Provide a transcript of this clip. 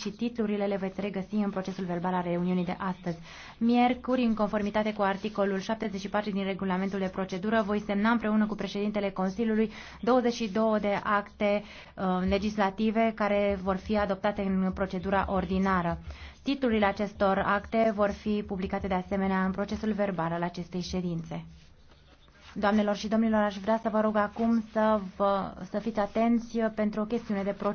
și titlurile le veți regăsi în procesul verbal al reuniunii de astăzi. Miercuri, în conformitate cu articolul 74 din regulamentul de procedură, voi semna împreună cu președintele Consiliului 22 de acte uh, legislative care vor fi adoptate în procedura ordinară. Titlurile acestor acte vor fi publicate de asemenea în procesul verbal al acestei ședințe. Doamnelor și domnilor, aș vrea să vă rog acum să, vă, să fiți atenți pentru o chestiune de procedură.